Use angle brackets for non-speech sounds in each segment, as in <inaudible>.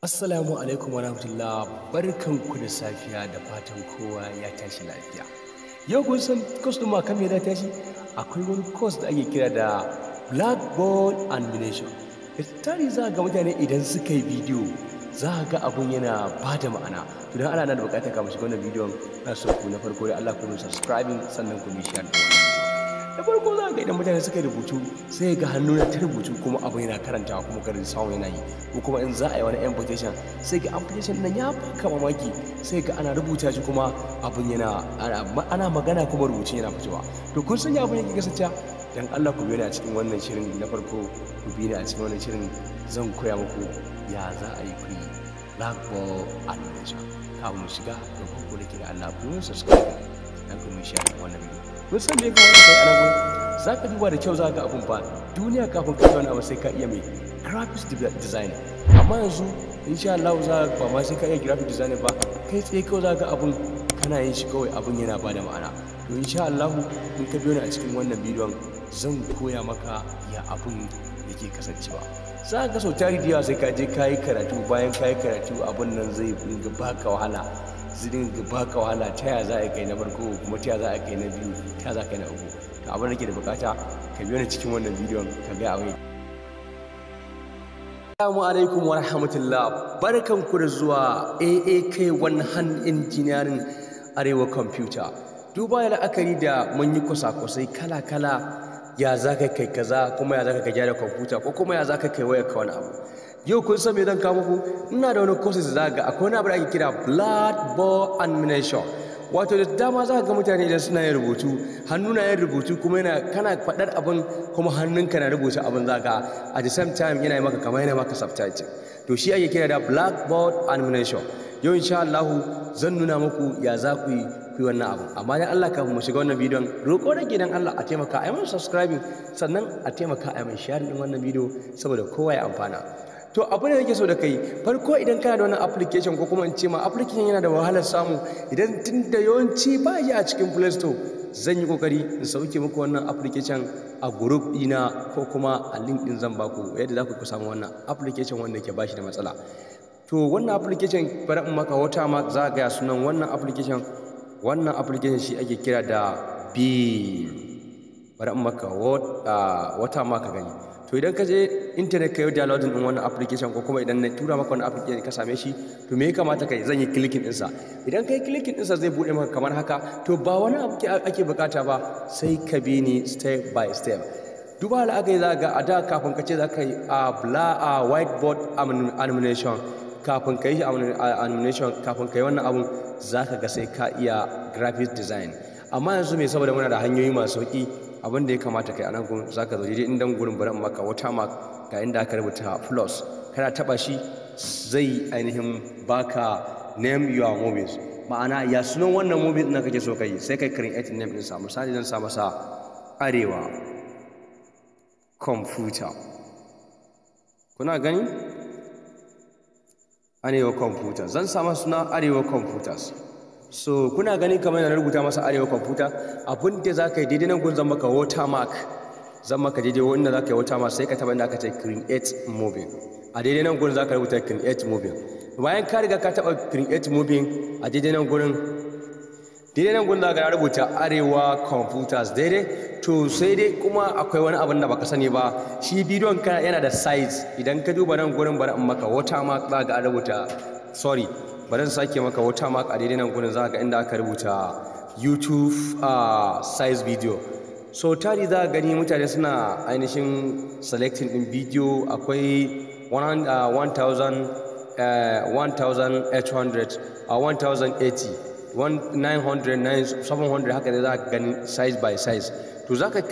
Assalamu alaikum warahmatullah barkanku da safiya da fatan kowa ya tashi lafiya. Yau kun san kos ɗin ma ya tashi akwai wani kos da ake kira da Blackboard Animation. Da tari za ga mutane idan suka yi bidiyo za ga abun yana ba da ma'ana. tunan ana nan da bukatar ka mashi wannan bidiyon na so na farko da Allah ku subscribing sannan ku share da da farko za ka idan mutane suka yi rubutu sai ga hannu na ta rubutu kuma abu yana karanta kuma garin samu yana yi ko kuma in za a yi wani amputation sai ga amputation nan ya baka mamaki sai ga ana rubuta shi kuma abin yana ana magana kuma rubutun yana fitowa to kun san abin yake kasance dan Allah ku biyo a cikin wannan shirin na farko ku biyo a cikin wannan shirin zan koya muku ya za a yi ku yi lagbo animation kafin mu shiga da kuku da da Allah ku subscribe dan ku mu share wannan bidiyo Kun san me ka wani kai anan za ka duba da kyau za ka abun ba duniya kafin ka na ba sai ka iya mai graphic design amma yanzu insha Allah za ba ma sai ka iya graphic design ba kai tsaye kawai za ka abun kana yin shi kawai abun yana ba da ma'ana to insha Allah in ka biyo ni a cikin wannan bidiyon zan koya maka ya abun da ke kasancewa za ka sau tari sai ka je ka yi karatu bayan ka yi karatu abun nan zai baka wahala su dinga baka wahala ta yaya za a kai na farko kuma ta yaya za a kai na biyu ta yaya za a kai na uku to abin da ke da bukata ka biyo ni cikin wannan bidiyon ka ga abin Assalamu alaikum wa rahmatullah barkanku da zuwa AAK 100 Engineering Arewa Computer duba da la'akari da mun yi kwasa-kwasai kala-kala ya za kai kaza kuma ya za ka gyara kwamfuta ko kuma ya za ka kai wayar ka wani abu yau kun san me zan kawo muku ina da wani courses da ga akwai wani abu da ake kira blood ball animation wato da dama za ga mutane idan suna yin rubutu hannu na yin rubutu kuma yana kana faɗar abin kuma hannunka na rubuta abin za ka at the same time yana maka kamar yana maka subtitle to shi ake kira da blackboard animation yau insha Allah zan nuna muku ya za ku yi wannan abu amma dan Allah kafin mu shiga wannan bidiyon roƙo da gidan Allah a taimaka a yi subscribing sannan a taimaka a yi mai sharing din wannan bidiyo saboda kowa ya amfana to abu ne nake so da kai farko idan kana da wannan application ko kuma in ce ma application yana da wahalar samu idan tunda yawanci ba shi a cikin play store zan yi kokari in sauke muku wannan application a group dina ko kuma a link din zan baku yadda za ku samu wannan application wanda ke bashi da matsala to wannan application bari in maka wata ma za ga sunan wannan application wannan application shi ake kira da B, bari in maka ah, wata ma ka gani to idan ka je internet ka yi downloading din wannan application ko kuma idan na tura maka wannan application ka same shi to me ya kamata kai zan yi clicking sa idan ka yi din sa zai buɗe maka kamar haka to ba wani abu ake bukata ba sai ka bi ni step by step duba da aka yi za ga a da kafin ka ce za ka yi a bla a whiteboard animation kafin ka yi animation kafin ka yi wannan abun za ka ga sai ka iya graphic design amma yanzu me saboda muna da hanyoyi masu sauki abin da ya kamata kai a nan gurin zaka zo jirgin indan gurin bari in maka wata ma ga inda aka rubuta plus kana taba shi zai ainihin baka name your movies ma'ana ya sunan wannan movie din kake so kai sai kai create name din sa misali zan sa masa arewa computer kuna gani arewa computer zan sa masa suna arewa computers so kuna ganin kamar yana rubuta masa arewa kwamfuta abin da za ka yi daidai nan gun zama ka watermark zama ka daidai wanda za ka yi watermark sai ka taba inda aka ce create moving a daidai nan gun za ka rubuta create moving bayan ka riga ka taba create moving a daidai nan gurin daidai nan gun za ka rubuta arewa computers daidai to sai dai kuma akwai wani abin da baka sani ba shi bidiyon ka yana da size idan ka duba nan gurin bari in maka watermark za ka rubuta sorry bari in sake maka wata a daidai nan gudun za ka inda aka rubuta youtube uh, size video so tari za gani mutane suna ainihin selecting din video akwai 1800 1080 900 700 haka dai za ka gani size by size to za ka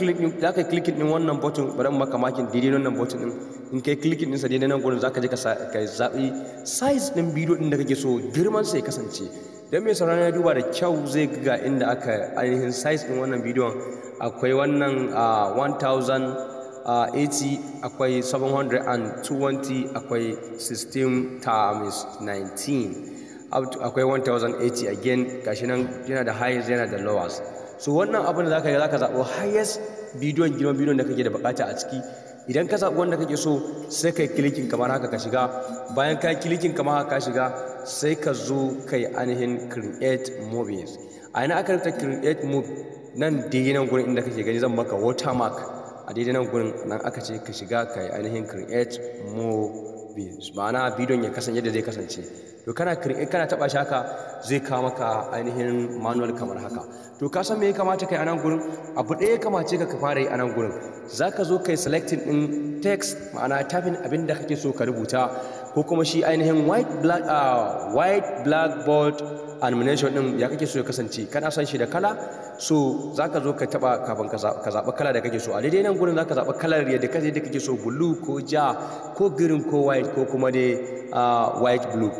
clicking din wannan button bari maka makin daidai wannan button din in kai clicking ɗinsa daidai nan gurin za ka je ka zaɓi size ɗin bidiyo ɗin da kake so girman sai kasance don mai sauraron ya duba da kyau zai ga inda aka ainihin size ɗin wannan bidiyon akwai wannan 1080 akwai 720 akwai 16 times 19 akwai 1080 again gashi nan yana da highest yana da lowest so wannan abin da zaka ga zaka zaɓo highest bidiyon girman bidiyon da kake da bukata a ciki idan ka zaɓi wanda kake so sai ka yi kilikin kamar haka ka shiga bayan ka yi kilikin kamar haka ka shiga sai ka zo ka yi ainihin create movies a yana aka rikta create move nan daidai nan gurin inda kake gani zan maka watermark a daidai nan gurin nan aka ce ka shiga ka yi ainihin create movies videos ma'ana bidon ya kasance yadda zai kasance to kana kana taba shi haka zai kawo maka ainihin manual kamar haka to ka san me ya kamata kai a nan gurin abu ɗaya ya kamace ka fara yi a nan gurin zaka zo kai selecting din text ma'ana tafin abin da kake so ka rubuta ko kuma shi ainihin white black uh, white blackboard animation din ya kake so ya kasance kana san shi da kala so zaka zo ka taba kafin ka zaba kala da kake so a daidai nan gurin zaka zaba kalar yadda kake da kake so blue ko ja ko green ko white ko kuma dai ah, white blue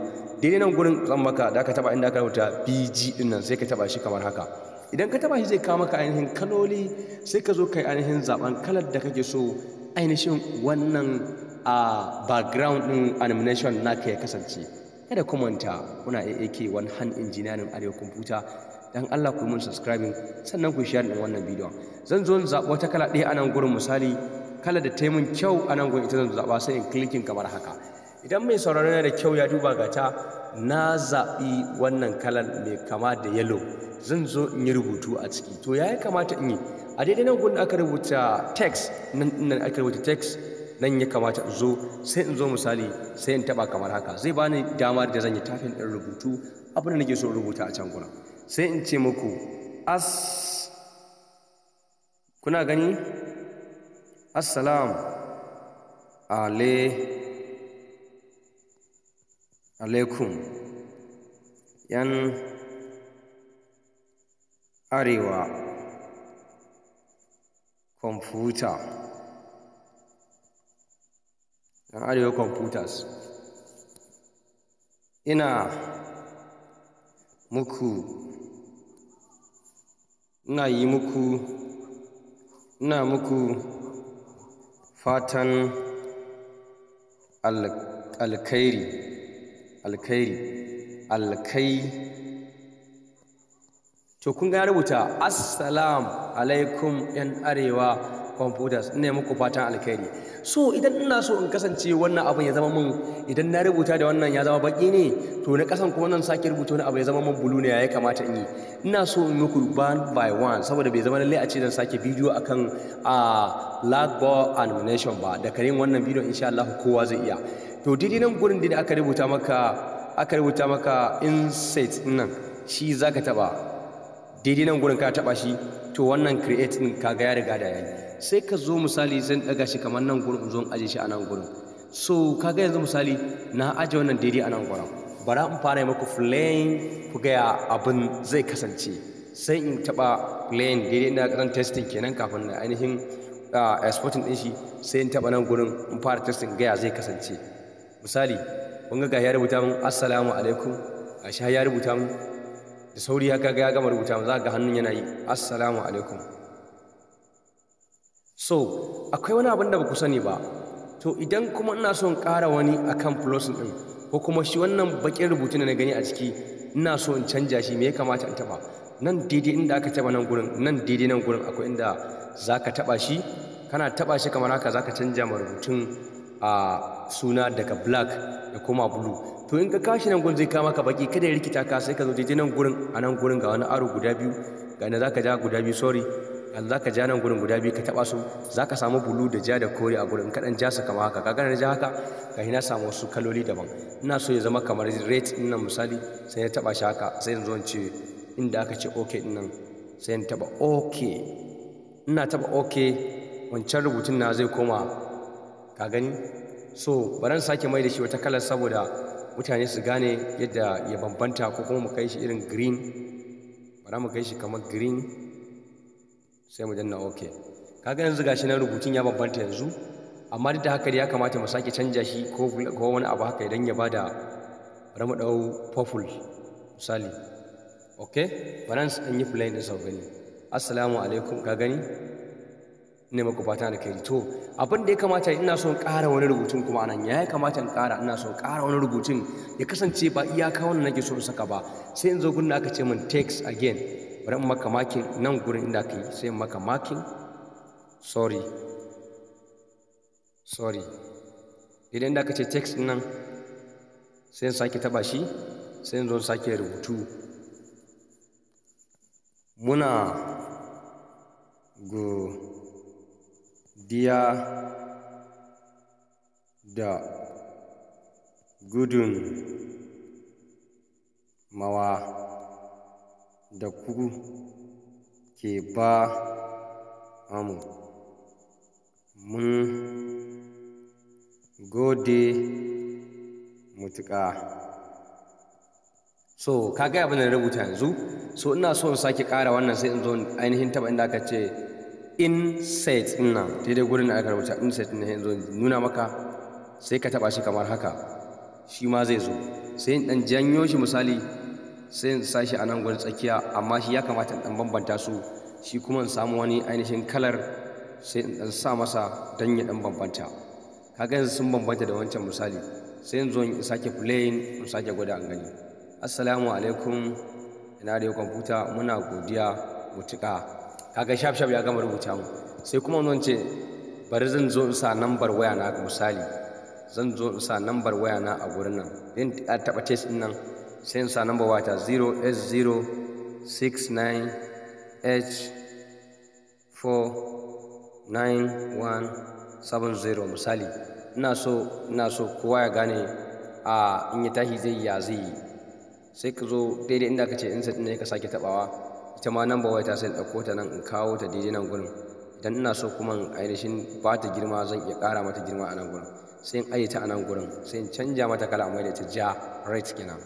daidai nan gurin zan maka da ka taba inda aka rubuta BG din nan sai ka taba shi kamar haka idan ka taba shi zai kawo maka ainihin kaloli sai ka zo kai ainihin zaben kalar da kake so ainihin wannan a background ɗin animation naka ya kasance kada kumanta kuna kuna AAK wani hand engineering arewa computer Don Allah ku mun subscribing sannan ku share din wannan bidiyon zan zo zaɓi wata kala ɗaya a nan gurin misali kala da taimun kyau a nan gurin ita zan zaɓa sai in clicking kamar haka idan mai sauraron yana da kyau ya duba gata, na zaɓi wannan kalan mai kama da yellow zan zo in yi rubutu a ciki to ya kamata in yi a daidai nan gudun aka rubuta text nan aka rubuta text nan ya kamata in zo sai in zo misali sai in taba kamar haka zai bani dama da zan yi tafin ɗin rubutu abin da nake so rubuta a can gurin sai in ce muku as kuna gani assalam ale alaikum yan arewa kwamfuta ɗan arewa computers ina muku ina yi muku ina muku fatan alkhairi alkhairi alkai to kun ga rubuta assalamu alaikum yan arewa computers ina muku fatan alkhairi so idan ina so in kasance wannan abin ya zama mun idan na rubuta da wannan ya zama baki ne to na kasan kuma nan sake rubuta wani abu ya zama mun bulu ne ya kamata in yi ina so in muku one by one saboda bai zama lalle a ce zan sake bidiyo akan a blackboard animation ba da karin wannan bidiyon insha Allah kowa zai iya to daidai nan gurin da aka rubuta maka aka rubuta maka insight nan shi zaka taba daidai nan gurin ka taɓa shi to wannan create ka kaga ya riga da yayi sai ka zo misali zan ɗaga shi kamar nan gurin zo aje shi a nan gurin so kaga yanzu misali na aje wannan daidai a nan gurin bara in fara maku playing ku gaya abin zai kasance sai in taɓa playing daidai ina ƙasan testing kenan kafin na ainihin exporting ɗin shi sai in taɓa nan gurin in fara testing gaya zai kasance misali kun ga ya rubuta min assalamu alaikum a ya rubuta min da sauri haka ga ya gama rubuta za ga hannun yana yi assalamu alaikum so akwai wani abin da ba ku sani ba to idan kuma ina son kara wani akan flos ɗin ko kuma shi wannan bakin rubutun da na gani a ciki ina so in canja shi me ya kamata in taba nan daidai inda aka taba nan gurin nan daidai nan gurin akwai inda ka taba shi kana taba shi kamar haka zaka canja ma rubutun a ah, suna daga black ya kuma blue to in ka kashi nan gurin zai kama ka baki kada ya rikita ka sai ka zo daidai nan gurin a nan gurin ga wani aro guda biyu ga za zaka ja guda biyu sorry za ka ja nan gurin guda biyu ka taba su za ka samu bulu da ja da kore a gurin kaɗan ja su kama haka kaga na ja haka ga na samu wasu kaloli daban ina so ya zama kamar rate din nan misali sai ya taba shi haka sai in zo in ce inda aka ce okay din nan sai in taba okay ina taba okay wancan rubutun na zai koma ka gani so baran sake mai da shi wata kalar saboda mutane su gane yadda ya bambanta ko kuma mu kai shi irin green bara mu kai shi kamar green sai mu danna ok kaga yanzu gashi na rubutun ya bambanta yanzu amma duk da haka ya kamata mu sake canja shi ko wani abu haka idan ya bada bara mu dau purple misali ok bara an yi plain din sau gani assalamu alaikum ka gani ne maku na kai to abin da ya kamata ina son ƙara wani rubutun kuma anan ya kamata in ƙara ina son ƙara wani rubutun ya kasance ba iyaka wannan nake so saka ba sai in zo gurin aka ce min text again bari in maka makin nan gurin inda kai sai in maka makin sorry sorry idan da aka ce text nan sai in sake taba shi sai in zo sake rubutu muna go diya da gudun mawa da ku ke ba amu mun gode mutuƙa so kaga abin da rubuta yanzu so ina so in sake ƙara wannan sai in zo ainihin taba inda aka ce ɗin ina daidai gurin da aka rubuta insight ina yanzu nuna maka sai ka taba shi kamar haka shi ma zai zo sai in ɗan janyo shi misali sai in sa shi a nan gurin tsakiya amma shi ya kamata in ɗan bambanta su shi kuma in samu wani ainihin kalar sai in ɗan sa masa dan ya ɗan bambanta kaga yanzu sun bambanta da wancan misali sai in zo in sake playing in sake gwada an gani assalamu alaikum ina da kwamfuta muna godiya mutuƙa kaga shaf shaf ya gama rubuta mu sai kuma wani ce bari zan zo in sa number waya na misali zan zo in sa number waya na a gurin nan zan taɓa test ɗin nan sai in sa number waya ta 0s069h49170 misali ina so ina so kowa ya gane a in ya tashi zai ya zai sai ka zo daidai inda ka ce insert ne ka sake taɓawa ita ma nan bawai ta sai ɗauko ta nan in kawo ta daidai nan gurin idan ina so kuma in ainihin ba ta girma zan iya kara mata girma a nan gurin sai in aje ta a nan gurin sai in canja mata kala mai da ta ja right kenan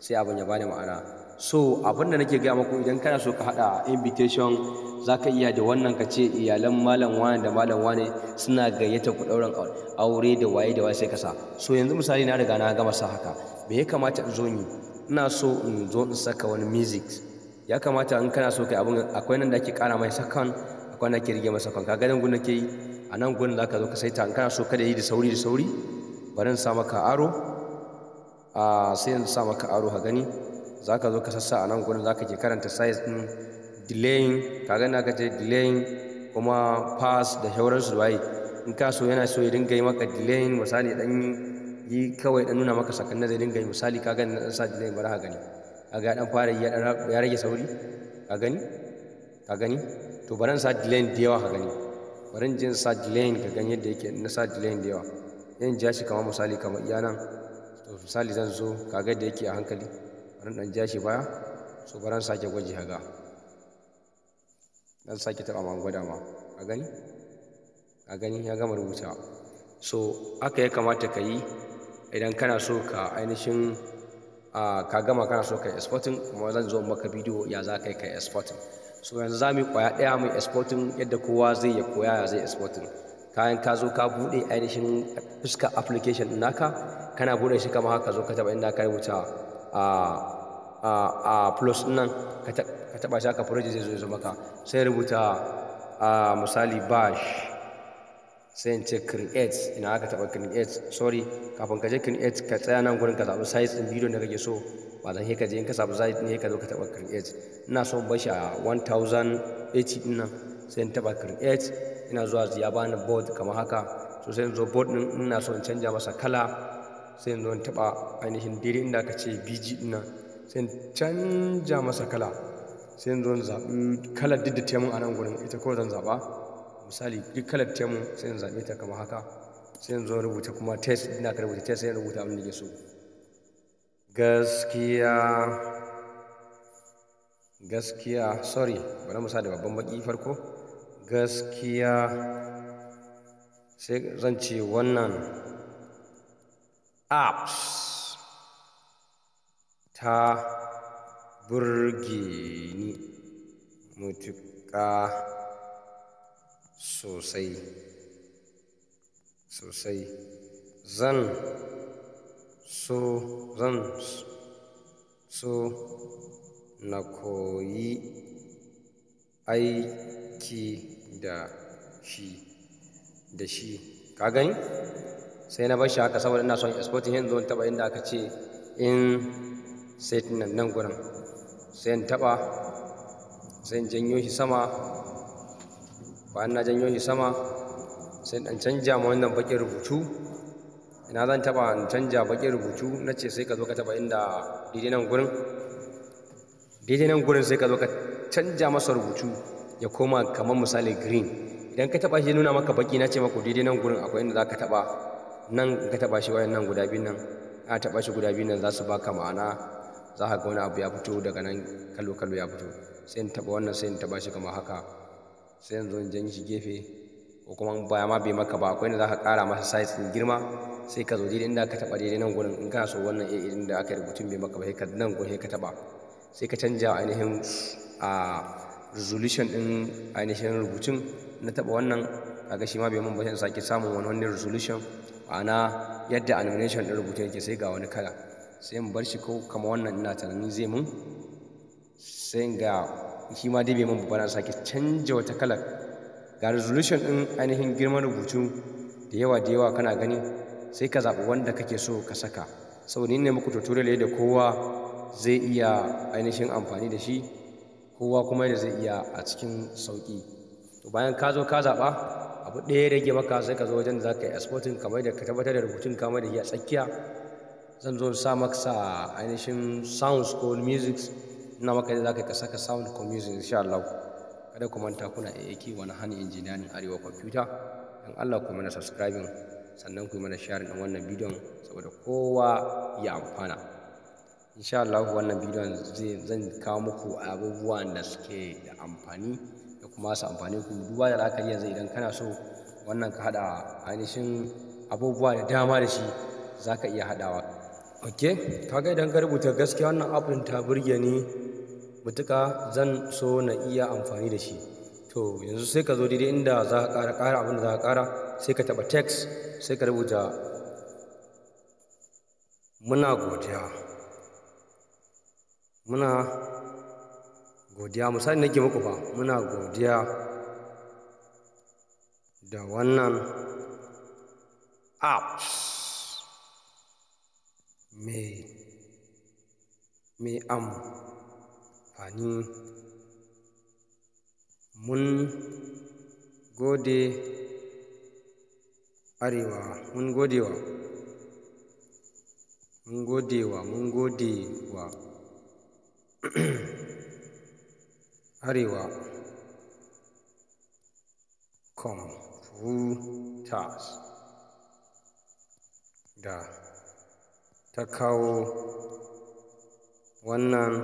sai abin ya bani ma'ana so abin da nake gaya muku idan kana so ka haɗa invitation za ka iya da wannan ka ce iyalan malam wane da malam wane suna gayyata ku ɗaurin aure da waye da waye sai ka sa so yanzu misali na riga na gama sa haka me ya kamata in zo yi ina so in zo in saka wani music ya kamata in kana so kai abun akwai nan da ake kara mai sakan akwai nan ake rige mai sakan ka nan gurin ke yi a nan za ka zo ka saita in kana so kada yi da sauri da sauri bari in sa maka aro a sai in sa maka aro ha gani za ka zo ka sassa a nan za ka ke karanta size din delaying ga na ka ce delaying kuma pass da shauransu waye in ka so yana so ya dinga yi maka delaying misali dan yi kawai dan nuna maka sakan zai dinga yi misali ka ga na sa delaying bari ha gani kaga dan fara ya rage sauri ka gani ka gani to baran sa lane da yawa ka gani baran jin sa lane ka gani yadda yake na sa lane da yawa yan jashi kamar misali kamar iya nan to misali zan zo kaga da yake a hankali baran dan jashi baya so baran sake gwaji haga dan sake taba man gwada ma ka gani ka gani ya gama rubuta so aka ya kamata ka yi idan kana so ka ainihin ka gama kana so kai exporting kuma zan zo maka bidiyo ya za kai kai exporting so yanzu za mu kwaya ɗaya mai exporting yadda kowa zai ya koya ya zai exporting kayan ka zo ka buɗe ainihin fuska application naka kana buɗe shi kama haka zo ka taɓa inda ka rubuta a plus nan ka taɓa shi haka project zai zo maka sai rubuta misali bash sai in ce create ina aka taɓa create sorry kafin ka je create ka tsaya nan gurin ka zaɓi size ɗin bidiyon da kake so ba zan ka je in ka zaɓi size ne ka zo ka taɓa create ina so bashi a 1080 ɗin nan sai in taɓa create ina zuwa ya bani board kamar haka so sai in zo board ɗin ina so in canja masa kala sai in zo in taɓa ainihin daidai inda aka ce bg ɗin nan sai in canja masa kala sai in zo in zaɓi kalar duk da taimun a nan gurin ita kawai zan zaɓa misali duk kalar temu sai zaɓe ta kamar haka sai in zo rubuta kuma test ina ka rubuta test sai in rubuta abin da ke so gaskiya gaskiya sorry bari da babban baki farko gaskiya sai zan ce wannan apps ta burge ni mutuƙa sosai sosai zan so zan so na koyi aiki da shi da shi ka gani sai na bashi haka saboda ina son exporting yanzu wani taba inda aka ce in sai nan nan gurin sai in taba sai in janyo shi sama bayan na janyo shi sama sai dan canja ma wannan bakin rubutu ina zan taba in canja bakin rubutu na ce sai ka zo ka taba inda daidai nan gurin daidai nan gurin sai ka zo ka canja masa rubutu ya koma kamar misali green idan ka taba shi nuna maka baki na ce maka daidai nan gurin akwai inda za ka taba nan ka taba shi wayan nan guda biyu nan a taba shi guda biyu nan za su baka ma'ana za ka ga wani abu ya fito daga nan kallo kallo ya fito sai in taba wannan sai in taba shi kamar haka sai yanzu in jan shi gefe ko kuma baya ma bai maka ba akwai inda za ka ƙara masa size ɗin girma sai ka zo daidai inda ka taɓa daidai nan gurin in ka so wannan a irin da aka rubutun bai maka ba sai ka nan gurin ka taɓa sai ka canja ainihin a resolution ɗin ainihin rubutun na taɓa wannan kaga shi ma bai mun ba sai sake samun wani wani resolution ana yadda animation ɗin rubutun yake sai ga wani kala sai in bar shi ko kama wannan ina tunanin zai mun sai ga shi ma dai bai mun ba na sake canja wata kalar ga resolution ɗin ainihin girman rubutu da yawa da yawa kana gani sai ka zaɓi wanda kake so ka saka saboda ne muku tutorial da kowa zai iya ainihin amfani da shi kowa kuma yadda zai iya a cikin sauƙi to bayan ka zo ka zaɓa abu ɗaya rage maka sai ka zo wajen da za ka yi exporting kamar da ka tabbatar da rubutun kamar da shi a tsakiya zan zo sa maka ainihin sounds ko music ina maka yadda za ka saka sound commission insha Allah kada ku manta kuna AAK wani hani engineering arewa computer dan Allah ku mana subscribing sannan ku mana share din wannan bidiyon saboda kowa ya amfana insha Allah wannan bidiyon zan kawo muku abubuwan da suke da amfani da kuma su amfane ku duba da zaka yanzu idan kana so wannan ka hada ainihin abubuwa da dama da shi zaka iya hadawa okay kaga idan ka rubuta gaskiya wannan abin ta burge ni mutuka zan so na iya amfani da shi to yanzu sai ka zo daidai inda za ka ƙara ƙara abin da za ka ƙara sai ka taɓa text sai ka rubuta muna godiya muna godiya misali nake muku fa muna godiya da wannan apps mai mai am amfani mun gode arewa mun gode wa mun gode wa mun gode wa <clears throat> arewa computers da ta kawo wannan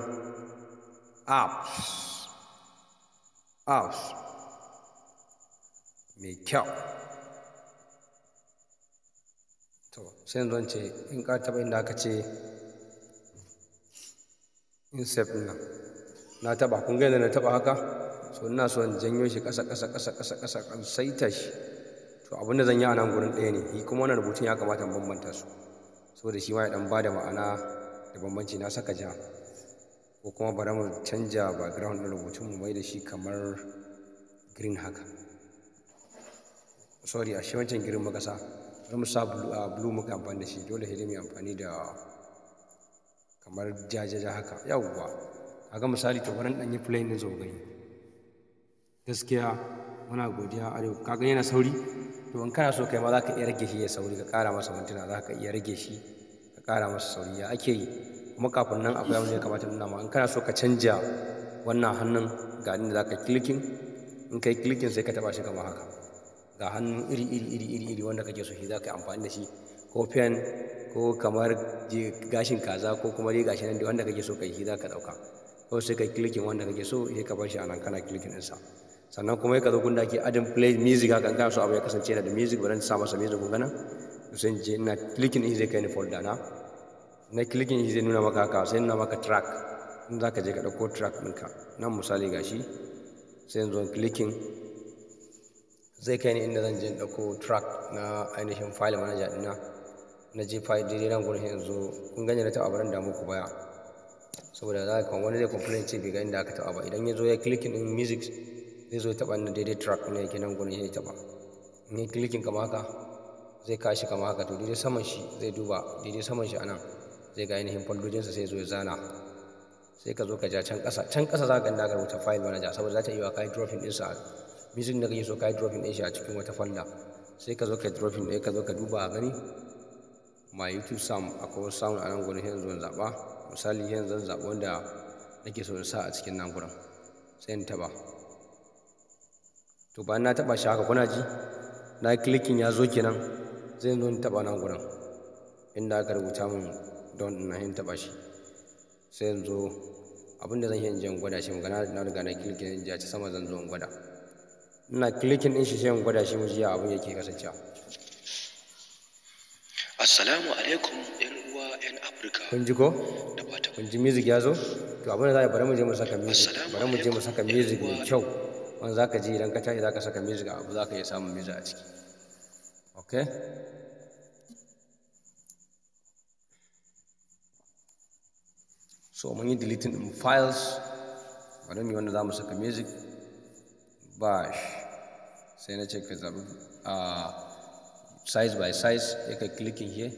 abs abs mai kyau to sai yanzu ce in ka taɓa inda aka ce insect nan na taɓa kun gaida na taɓa haka so ina so in janyo shi ƙasa ƙasa ƙasa ƙasa ƙasa kan saita shi to abinda zan yi a nan gurin ɗaya ne kuma wannan rubutun ya kamata in bambanta su saboda shi ma ya ɗan ba da ma'ana da bambanci na saka ja ko kuma bari mu canja background ɗin rubutun mu mai da shi kamar green haka sorry a shi wancan green muka sa bari mu sa blue ah, muka amfani da shi dole sai mu amfani da kamar jajaja haka yawwa ga misali to bari ɗan yi plain ɗin zogani gaskiya muna godiya a Ka kaga yana sauri to in kana so kai ma za ka iya rage shi ya sauri ka ƙara masa mintuna za ka iya rage shi ka ƙara masa sauri ya ake yi kuma kafin nan akwai abin da ya kamata nuna ma in kana so ka canja wannan hannun ga inda za ka klikin in ka yi klikin sai ka taba shi kamar haka ga hannun iri iri iri iri iri wanda kake so shi za ka yi amfani da shi ko fen ko kamar gashin kaza ko kuma dai gashin nan wanda kake so ka yi shi za ka ɗauka ko sai ka yi klikin wanda kake so sai ka bar shi a nan kana klikin ɗinsa sannan kuma ya zo gunda ke adin play music haka in kana so abu ya kasance da music bari sa masa music gungana gana sai je ina klikin ɗin zai kai ni folder na na kilikin shi zai nuna maka haka sai nuna maka track in za ka je ka ɗauko track ɗinka nan misali gashi sai yanzu kilikin zai kai ni inda zan je ɗauko track na ainihin file manager ɗina na je file daidai nan gurin yanzu kun gani na taɓa barin damu ku baya saboda za ka wani zai complain ce bai ga inda aka taɓa ba idan ya zo ya kilikin ɗin music zai zo ya taɓa na daidai track ɗin yake nan gurin ya taɓa in ya kama haka zai kashi kama haka to daidai saman shi zai duba daidai saman shi anan zai ga ainihin foldojinsa sai zo ya zana sai ka zo ka ja can ƙasa can ƙasa za ka ganda ka rubuta file manager saboda za ta yi wa kai dropping ɗinsa music da kake so kai dropping ɗin shi a cikin wata folder sai ka zo ka dropping ɗin ka zo ka duba a gani ma youtube sam akwai wasu sound a nan gurin yanzu zan zaɓa misali yanzu zan zaɓa wanda nake so in sa a cikin nan gurin sai in taɓa to bayan na taɓa shi haka kuna ji na clicking ya zo kenan zai zo in taɓa nan gurin inda aka rubuta min don ina yin taɓa shi sai yanzu abin da zan yi in gwada shi magana na riga na kilikin in ci sama zan zo in gwada ina kilikin din shi sai in gwada shi mu ji abin yake kasancewa assalamu alaikum yan uwa yan afirka kun ji ko kun ji music ya zo to abin da za a bari mu je mu saka music bari mu je mu saka music mai kyau wanda za ka ji idan ka tashi za ka saka music abu za ka iya samun music a ciki okay so mun yi deleting ɗin files wani mu wanda za mu saka music bash sai na ce ka zaɓi size by size ya kai clicking here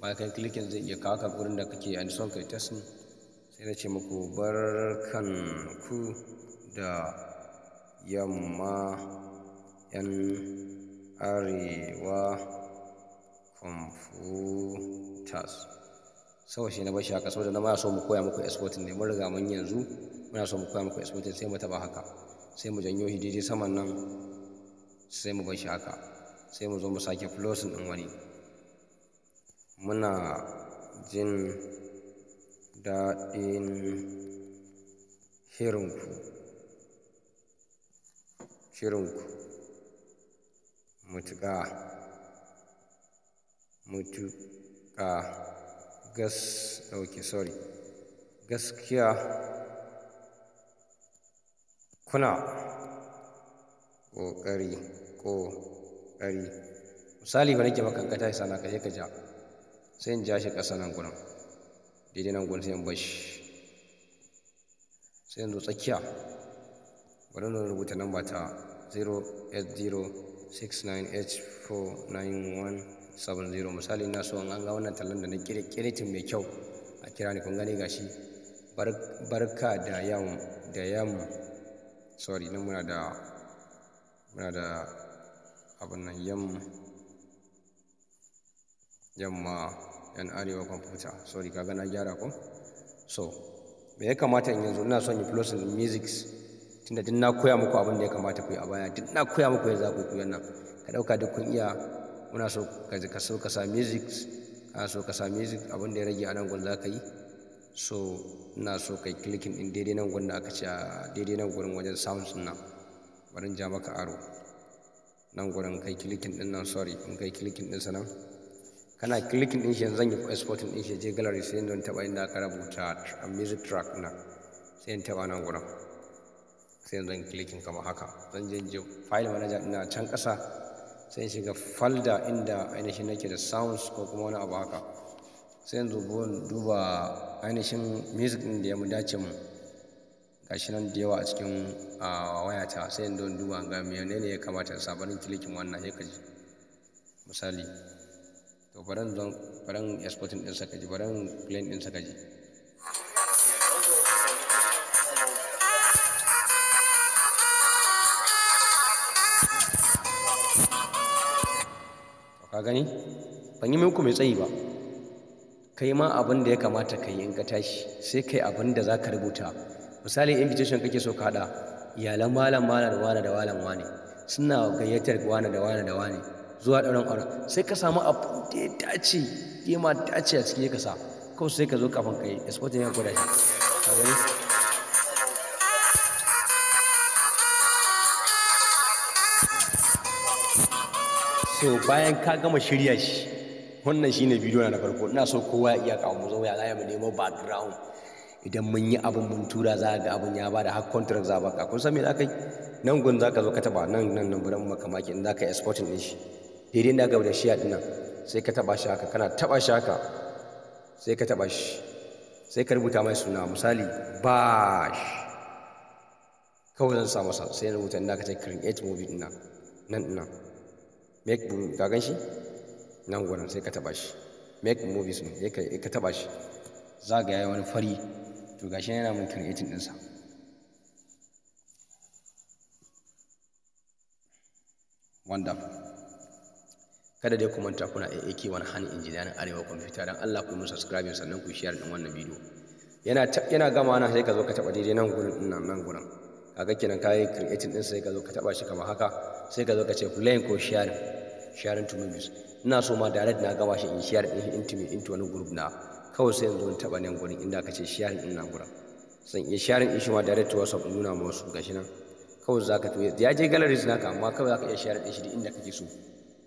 bayan kai clicking zai iya kawo ka gurin da kake and son kai testing sai na ce muku ku da yamma yan arewa computers Sau shi na bashi haka saboda na ma so mu koya muku exporting ne mun riga mun yanzu muna so mu koya muku exporting sai mu taba haka sai mu janyo shi daidai saman nan sai mu bashi haka sai mu zo mu sake flosin din wani muna jin daɗin shirinku shirinku mutuƙa mutuƙa gas ok sorry gaskiya kuna ƙoƙari ƙoƙari misali ba nake maka ka tashi sana ka ka ja sai in ja shi ƙasa nan gurin daidai nan gurin sai in bashi sai in zo tsakiya bari na rubuta namba ta 0 0 7 0 misali na so an ga wannan tallan da na tun mai kyau a kira ni kun gani gashi barka da yam da yam sorry nan muna da muna da abin nan yam yamma yan arewa kwamfuta sorry kaga na gyara ko so me ya kamata in yanzu ina son yi plus in music tunda duk na koya muku abin da ya kamata ku yi a baya duk na koya muku ya za ku yi nan ka ɗauka duk kun iya muna so ka so ka sa music kana so ka sa music abin da ya rage a nan gun za ka yi so ina so kai clicking din daidai nan gun da aka ce a daidai nan gurin wajen sounds nan bari ja maka aro nan gurin kai clicking din nan sorry in kai clicking din sanan kana clicking din shi yanzu zan yi exporting din shi je gallery sai don taba inda aka rubuta music track na sai in taba nan gurin sai zan clicking kamar haka zan je file manager ina can ƙasa sai shiga falda inda ainihin nake da sounds ko kuma wani abu haka sai yanzu buwan duba ainihin music ɗin da ya mu dace mu gashi nan da yawa a cikin wayata sai yanzu duba ga ne ya kamata sabanin kilikin wannan ya kaji misali to barin zan barin exporting ɗin saka ji baran plane ɗin saka ji gani ban yi muku mai tsayi ba kai ma abin da ya kamata ka yi in ka tashi sai kai abin da za ka rubuta misali invitation kake so ka haɗa iyalan malam malam wane da malam wane suna gayyatar wane da wane da wane zuwa ɗaurin auren sai ka samu abu da ya dace kima dace a ciki ka sa kawai sai ka zo kafin ka yi export ya gwada shi so bayan ka gama shirya shi wannan shi ne bidiyo na farko ina so kowa ya iya kawo mu ya zaya mu nemo background idan mun yi abin mun tura za ga abin ya bada har contract za baka kun san me za ka yi nan gun za ka zo ka taba nan nan nan buran maka maki in za ka exporting din shi daidai da gaba da shi a dinnan sai ka taba shi haka kana taba shi haka sai ka taba shi sai ka rubuta mai suna misali bash kawai zan sa masa sai na rubuta inda ka ce create movie dinnan nan dinnan make movie ka gan shi nan gwanan sai ka taba shi make movies ne sai ka taba shi za ga yayi wani fari to gashi yana mun creating din sa kada dai ku manta kuna AAK wani hannun na arewa kwamfuta don Allah ku yi sannan ku share din wannan bidiyo yana yana gama nan sai ka zo ka taba daidai nan gurin nan nan gurin kaga kenan ka yi creating din sai ka zo ka taba shi kamar haka sai ka zo ka ce playing ko sharing sharing to movies ina so ma direct na gama shi in share din into me into wani group na kawai sai yanzu in taba nan gurin inda ka ce sharing din na gurin san iya sharing din shi ma direct to WhatsApp nuna ma wasu gashi nan kawai zaka to ya je galleries naka amma kawai zaka iya share din shi inda kake so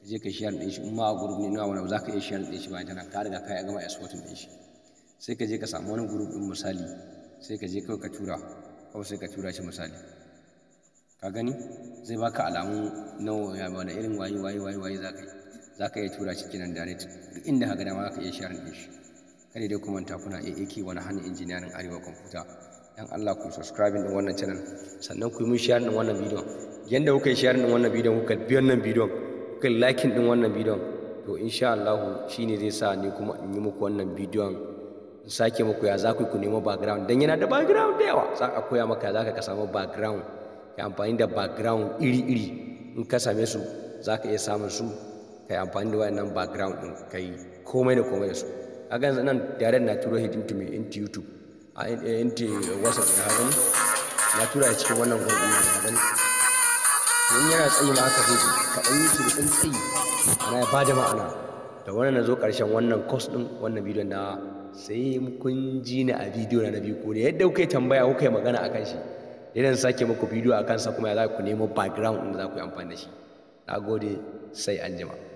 je ka share din shi in ma a group ne na wani zaka iya share din shi ba tana ka riga ka gama exporting din shi sai ka je ka samu wani group din misali sai ka je kawai ka tura ko sai ka tura shi misali ka gani zai baka alamu nawa ya bada irin waye waye waye waye za ka yi za ka iya tura shi kinan direct duk inda haka dama za ka iya sharing din shi kada dai kuma ta kuna AAK wani hannun injiniyarin arewa kwamfuta dan Allah ku subscribe din wannan channel sannan ku yi mun share din wannan bidiyon yanda kuka yi share din wannan bidiyon kuka bi wannan bidiyon kuka like din wannan bidiyon to insha Allah shine zai sa ni kuma in yi muku wannan bidiyon sake muku ya za ku ku nemo background Don yana da background da yawa za a koya maka za ka samu background ka amfani da background iri-iri in ka same su za ka iya samun su ka yi amfani da wayannan background din ka yi komai da komai da su a ganin nan daren na turo hidin to me into youtube a eh, into whatsapp da hagan na tura ya cikin wannan gurbi da hagan in yana tsayi ma aka zai ka ɗan yi da tsayi ana ya ba da ma'ana da wannan na zo ƙarshen wannan course din wannan bidiyon na sai kun ji ni a bidiyo na biyu ko da yadda kuka tambaya kuka yi magana akan shi idan sake muku bidiyo akan sa kuma ya za ku nemo background inda za ku yi amfani da shi na gode sai anjima